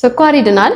ስኳር ይድናል?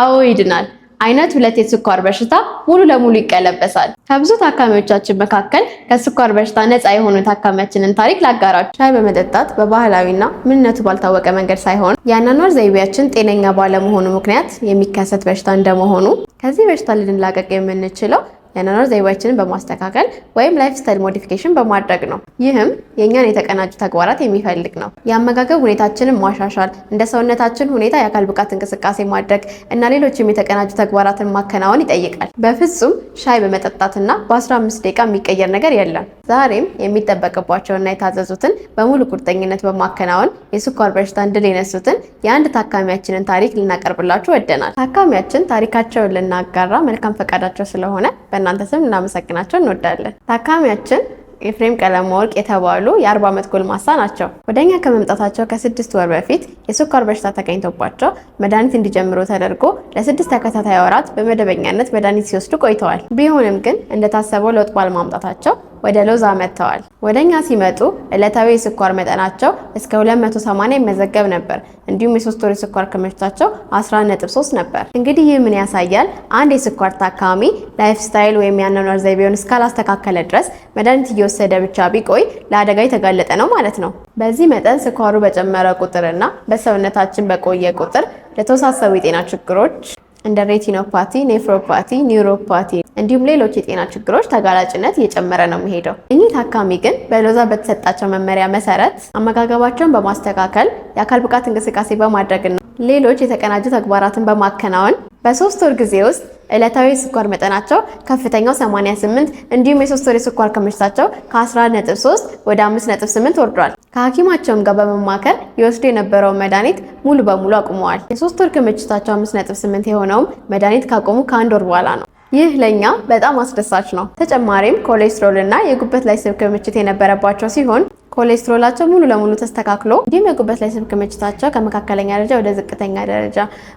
አዎ ይድናል። አይነት ሁለት የስኳር በሽታ ሙሉ ለሙሉ ይቀለበሳል። ከብዙ ታካሚዎቻችን መካከል ከስኳር በሽታ ነፃ የሆኑ ታካሚያችንን ታሪክ ላጋራችሁ። ሻይ በመጠጣት በባህላዊና ምንነቱ ባልታወቀ መንገድ ሳይሆን የአኗኗር ዘይቤያችን ጤነኛ ባለመሆኑ ምክንያት የሚከሰት በሽታ እንደመሆኑ ከዚህ በሽታ ልንላቀቅ የምንችለው የአኗኗር ዘይቤያችንን በማስተካከል ወይም ላይፍ ስታይል ሞዲፊኬሽን በማድረግ ነው። ይህም የእኛን የተቀናጁ ተግባራት የሚፈልግ ነው። የአመጋገብ ሁኔታችንን ማሻሻል፣ እንደ ሰውነታችን ሁኔታ የአካል ብቃት እንቅስቃሴ ማድረግ እና ሌሎችም የተቀናጁ ተግባራትን ማከናወን ይጠይቃል። በፍጹም ሻይ በመጠጣትና በ15 ደቂቃ የሚቀየር ነገር የለም። ዛሬም የሚጠበቅባቸውና የታዘዙትን በሙሉ ቁርጠኝነት በማከናወን የስኳር በሽታን ድል የነሱትን የአንድ ታካሚያችንን ታሪክ ልናቀርብላችሁ ወደናል። ታካሚያችን ታሪካቸውን ልናጋራ መልካም ፈቃዳቸው ስለሆነ በእናንተ ስም እናመሰግናቸው እንወዳለን። ታካሚያችን ኤፍሬም ቀለመ ወርቅ የተባሉ የ40 ዓመት ጎልማሳ ናቸው። ወደኛ ከመምጣታቸው ከስድስት ወር በፊት የስኳር በሽታ ተገኝቶባቸው መድኃኒት እንዲጀምሩ ተደርጎ ለስድስት ተከታታይ ወራት በመደበኛነት መድኃኒት ሲወስዱ ቆይተዋል። ቢሆንም ግን እንደታሰበው ለውጥ ባለማምጣታቸው ወደ ሎዛ መጥተዋል። ወደ እኛ ሲመጡ ዕለታዊ የስኳር መጠናቸው እስከ 280 ይመዘገብ ነበር። እንዲሁም የሶስት ወር የስኳር ክምችታቸው 11.3 ነበር። እንግዲህ ይህ ምን ያሳያል? አንድ የስኳር ታካሚ ላይፍ ስታይል ወይም የአኗኗር ዘይቤውን እስካላስተካከለ ድረስ መድኃኒት እየወሰደ ብቻ ቢቆይ ለአደጋ የተጋለጠ ነው ማለት ነው። በዚህ መጠን ስኳሩ በጨመረ ቁጥርና በሰውነታችን በቆየ ቁጥር ለተወሳሰቡ የጤና ችግሮች እንደ ሬቲኖፓቲ፣ ኔፍሮፓቲ፣ ኒውሮፓቲ እንዲሁም ሌሎች የጤና ችግሮች ተጋላጭነት እየጨመረ ነው የሚሄደው። እኚህ ታካሚ ግን በሎዛ በተሰጣቸው መመሪያ መሰረት አመጋገባቸውን በማስተካከል የአካል ብቃት እንቅስቃሴ በማድረግና ሌሎች የተቀናጁ ተግባራትን በማከናወን በሶስት ወር ጊዜ ውስጥ ዕለታዊ የስኳር መጠናቸው ከፍተኛው 88 እንዲሁም የሶስት ወር የስኳር ክምችታቸው ከ 13 ወደ 5.8 ወርዷል። ከሐኪማቸውም ጋር በመማከር የወስዱ የነበረውን መድኃኒት ሙሉ በሙሉ አቁመዋል። የሶስት ወር ክምችታቸው 5.8 የሆነውም መድኃኒት ካቆሙ ከአንድ ወር በኋላ ነው። ይህ ለእኛ በጣም አስደሳች ነው። ተጨማሪም ኮሌስትሮል እና የጉበት ላይ ስብ ክምችት የነበረባቸው ሲሆን ኮሌስትሮላቸው ሙሉ ለሙሉ ተስተካክሎ እንዲሁም የጉበት ላይ ስብ ክምችታቸው ከመካከለኛ ደረጃ ወደ ዝቅተኛ ደረጃ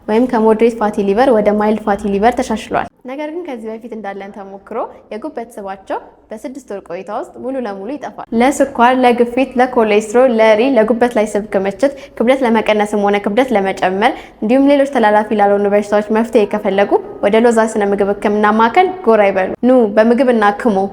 ወይም ከሞድሬት ፋቲ ሊቨር ወደ ማይልድ ፋቲ ሊቨር ተሻሽሏል። ነገር ግን ከዚህ በፊት እንዳለን ተሞክሮ የጉበት ስባቸው በስድስት ወር ቆይታ ውስጥ ሙሉ ለሙሉ ይጠፋል። ለስኳር፣ ለግፊት፣ ለኮሌስትሮል፣ ለሪ፣ ለጉበት ላይ ስብ ክምችት፣ ክብደት ለመቀነስም ሆነ ክብደት ለመጨመር እንዲሁም ሌሎች ተላላፊ ላልሆኑ በሽታዎች መፍትሄ ከፈለጉ ወደ ሎዛ ስነ ምግብ ህክምና ማዕከል ጎራ ይበሉ። ኑ በምግብ እናክሙ።